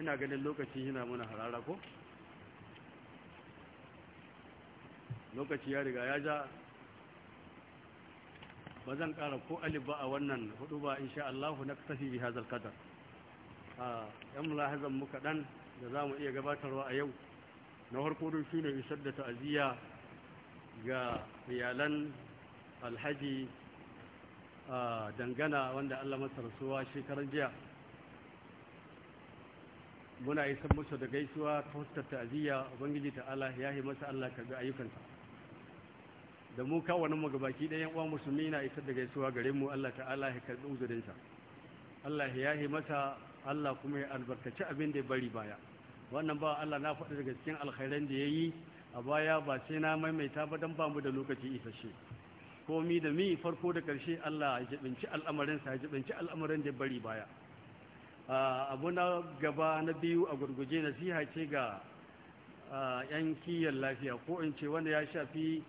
ina ganin lokaci yana muna harara ko lokaci ya riga ya ja ba zan kara ko alif ba a wannan hudu ba insha Allah na tafi bi hazal qadar a yan mulahazan mu kaɗan da zamu iya gabatarwa a yau na farko dun shine isar da ta'aziyya ga iyalan alhaji dangana wanda Allah masa rasuwa shekaran jiya muna san musu da gaisuwa ta huskar ta'aziyya ubangiji ta'ala ya yi masa Allah karbi ayyukansa da mu kawanan mu gabaki ɗayan uwa musulmi na isa da gaisuwa gare mu Allah ta'ala ya karɓi uzurinsa Allah ya yi masa Allah kuma ya albarkaci abin da ya bari baya wannan ba Allah na faɗi daga cikin alkhairan da ya yi a baya ba sai na maimaita ba don ba mu da lokaci isasshe komi da mi farko da ƙarshe Allah ya jibinci al'amarinsa ya jibinci al'amarin da ya bari baya abu na gaba na biyu a gurguje nasiha ce ga 'yan kiyar lafiya ko in ce wanda ya shafi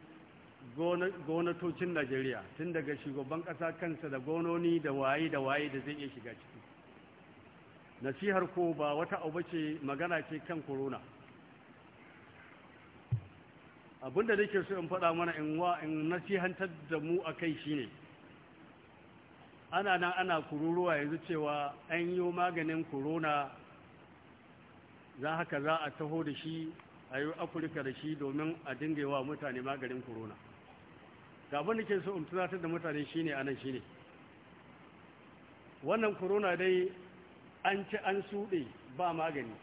gonatocin najeriya tun daga shugaban kasa kansa da gononi da waye da waye da zai iya shiga ciki nasihar ko ba wata abu ce magana ce kan corona abinda nake so in faɗa mana in wa in nasihantar da mu a kai shine ana nan ana kururuwa yanzu cewa an yi maganin corona za haka za a taho da shi a yi afirka da shi domin a dingewa mutane maganin corona abin da ke so umtunatar da mutane shine anan shine wannan corona dai an ci an suɗe ba magani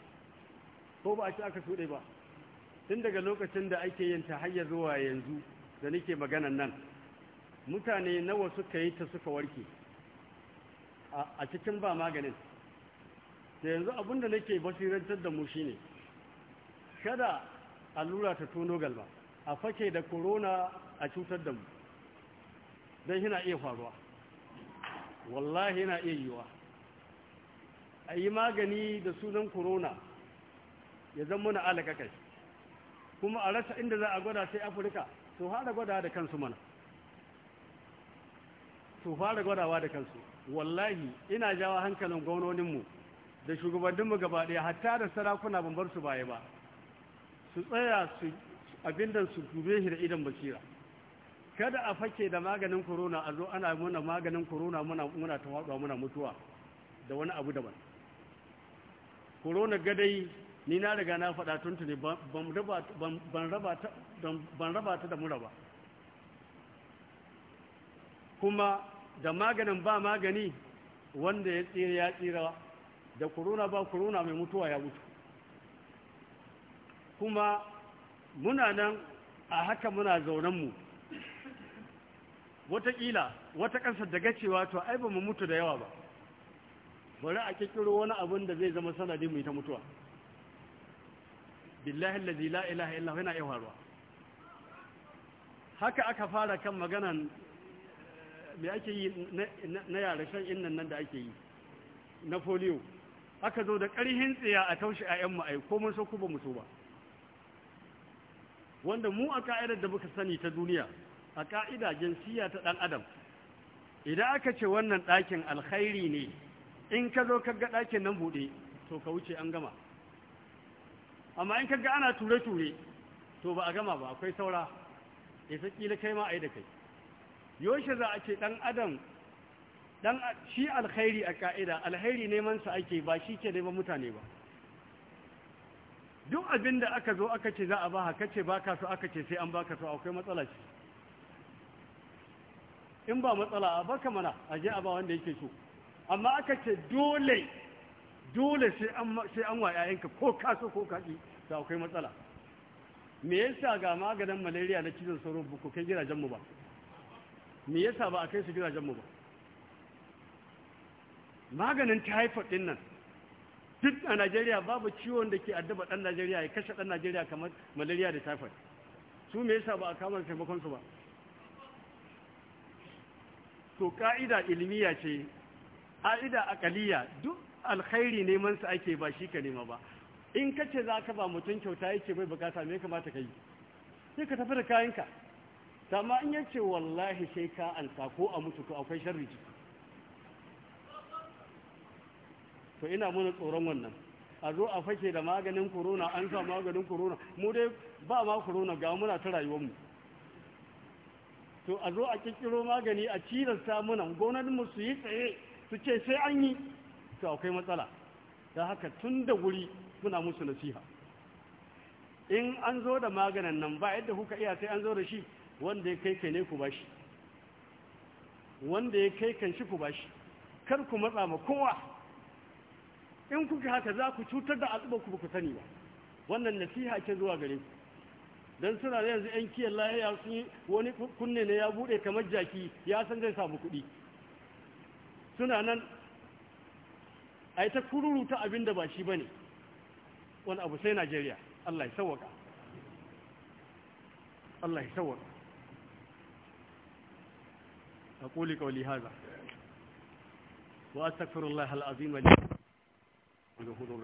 ko ba a ci aka suɗe ba tun daga lokacin da ake yin ta hanyar zuwa yanzu da nake maganan nan mutane nawa suka yi ta suka warke a cikin ba maganin da yanzu abinda nake basirantar da mu shine kada allura ta tono galba a fake da korona a cutar da mu don yana iya faruwa wallahi yana iya yiwa a yi magani da sunan korona ya zama na alaƙaƙai kuma a rasa inda za a gwada sai afirka su fara gwada da kansu mana su fara gwadawa da kansu wallahi ina jawo hankalin gwanoninmu da shugabanninmu gaba ɗaya hatta da sarakuna ban bar su baya ba su tsaya su abin su dube shi da idan basira kada a fake da maganin korona a zo ana muna maganin korona muna muna tawadwa muna mutuwa da wani abu daban corona gadai ni na riga na faɗa tuntuni ban ban raba ta da mura ba kuma da maganin ba magani wanda ya tsira ya tsira da kuruna ba kuruna mai mutuwa ya mutu kuma muna nan a haka muna zaunanmu wataƙila wata ƙasar daga cewa to ai ba mu mutu da yawa ba bari a kikiro wani abin da zai zama sanadin mu ta mutuwa billahi allazi la ilaha yana yawarwa haka aka fara kan maganan Mai ake yi na yara innan nan da ake yi na foliyo aka zo da ƙarhin tsiya a taushe a yan ma'ai ko mun so ku ba mu so ba wanda mu a ka'idar da muka sani ta duniya a ka'ida jinsiya ta ɗan adam idan aka ce wannan ɗakin alkhairi ne in ka zo ka ga ɗakin nan buɗe to ka wuce an gama amma in ka ga ana ture-ture to ba a gama ba akwai saura isa kila kai ma a yi da kai Yoshe za a ce ɗan adam ɗan shi alkhairi a ka'ida alkhairi neman sa ake ba shi ke neman mutane ba duk abin da aka zo aka ce za a ba haka ce ba ka so aka ce sai an ba ka so akwai matsala ce in ba matsala a baka mana a je a ba wanda yake so amma aka ce dole dole sai an wa yayanka ko ka so ko ka ki to akwai matsala me yasa ga maganin malaria na cizon sauro ba ku kai gidajen mu ba me yasa ba a kai su gidajenmu ba maganin typhoid din nan duk a Najeriya babu ciwon da ke addaba ɗan Najeriya ya kashe ɗan Najeriya kamar malaria da typhoid su me yasa ba a kama taimakon su ba to ka'ida ilmiya ce ka'ida akaliya duk alkhairi neman su ake ba shi ka nema ba in kace za ka ba mutum kyauta yake bai bukata me kamata ka yi sai ka tafi da kayanka amma in yace wallahi sai ka ansa ko a mutu to akwai sharri ciki to ina muna tsoron wannan a zo a fake da maganin corona an sa maganin corona mu dai ba ma corona ga muna ta rayuwarmu to a zo a kikkiro magani a cilasta muna mu su yi tsaye su ce sai an yi to akwai matsala da haka tun da wuri muna musu nasiha in an zo da maganin nan ba yadda kuka iya sai an zo da shi wanda ya kai kai ne ku bashi wanda ya kai kan shi ku bashi kar ku matsa ma kowa in kuka haka za ku cutar da al'umma ku ku sani ba wannan nasiha ke zuwa gare ku dan suna da yanzu yan kiyan lahiya sun yi wani kunne ne ya bude kamar jaki ya san zai samu kuɗi suna nan a yi ta abin da ba shi ba ne wani abu sai najeriya allah ya sawaka allah ya sawaka أقول قولي هذا وأستغفر الله العظيم لي